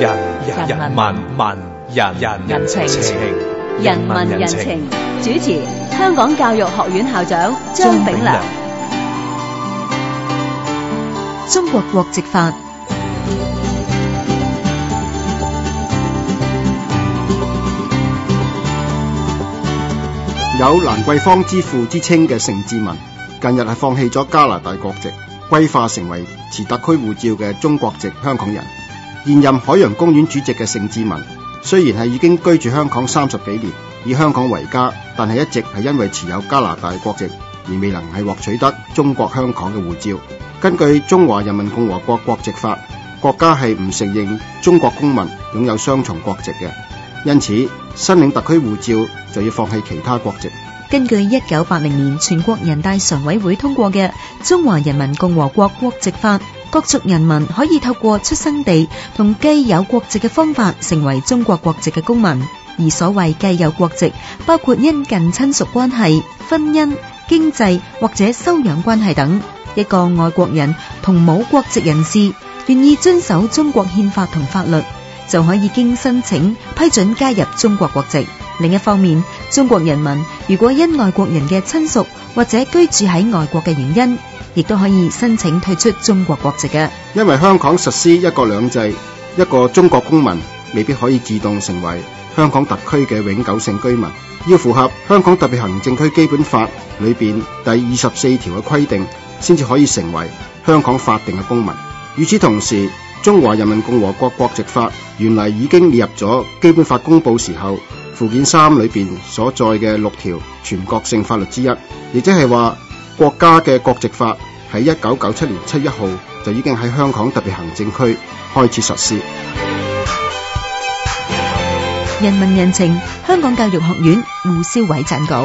人人，人，人文文，文人人，人情人情，人，情人文人情，主持香港教育學院校長張炳良。中國國籍法，有蘭桂坊之父之稱嘅盛智文，近日係放棄咗加拿大國籍，歸化成為持特區護照嘅中國籍香港人。現任海洋公園主席嘅盛智文，雖然係已經居住香港三十幾年，以香港為家，但係一直係因為持有加拿大國籍而未能係獲取得中國香港嘅護照。根據《中華人民共和國國籍法》，國家係唔承認中國公民擁有雙重國籍嘅，因此申領特區護照就要放棄其他國籍。根據一九八零年全國人大常委會通過嘅《中華人民共和國國籍法》。各族人民可以透過出生地同繼有國籍嘅方法成為中國國籍嘅公民，而所謂繼有國籍，包括因近親屬關係、婚姻、經濟或者收養關係等。一個外國人同冇國籍人士願意遵守中國憲法同法律，就可以經申請批准加入中國國籍。另一方面，中國人民如果因外國人嘅親屬或者居住喺外國嘅原因，亦都可以申請退出中國國籍嘅。因為香港實施一國兩制，一個中國公民未必可以自動成為香港特區嘅永久性居民，要符合香港特別行政區基本法裏面第二十四條嘅規定，先至可以成為香港法定嘅公民。與此同時，《中華人民共和國國籍法》原來已經列入咗《基本法》公布時候附件三裏邊所在嘅六條全國性法律之一，亦即係話國家嘅國籍法喺一九九七年七一號就已經喺香港特別行政區開始實施。人民人情，香港教育學院胡少偉撰稿。